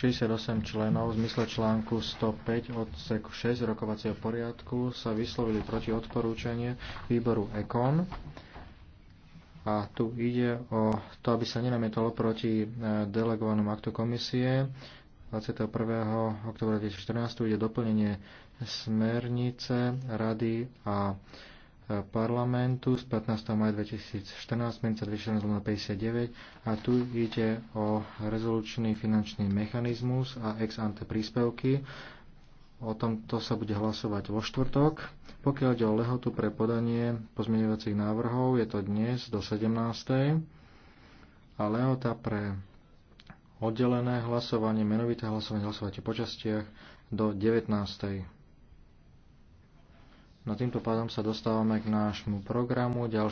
68 členov v zmysle článku 105 odsek 6 rokovacieho poriadku sa vyslovili proti odporúčanie výboru EKON. A tu ide o to, aby sa nenamietalo proti e, delegovanom aktu komisie. 21. oktobra 2014 ide doplnenie smernice Rady a parlamentu z 15. maja 2014, menca 2014-59 a tu ide o rezolučný finančný mechanizmus a ex ante príspevky. O tomto sa bude hlasovať vo štvrtok. Pokiaľ ide o lehotu pre podanie pozmeňovacích návrhov, je to dnes do 17. A lehota pre oddelené hlasovanie, menovité hlasovanie, hlasovanie po častiach do 19. No týmto pádom sa dostávame k nášmu programu. Ďalší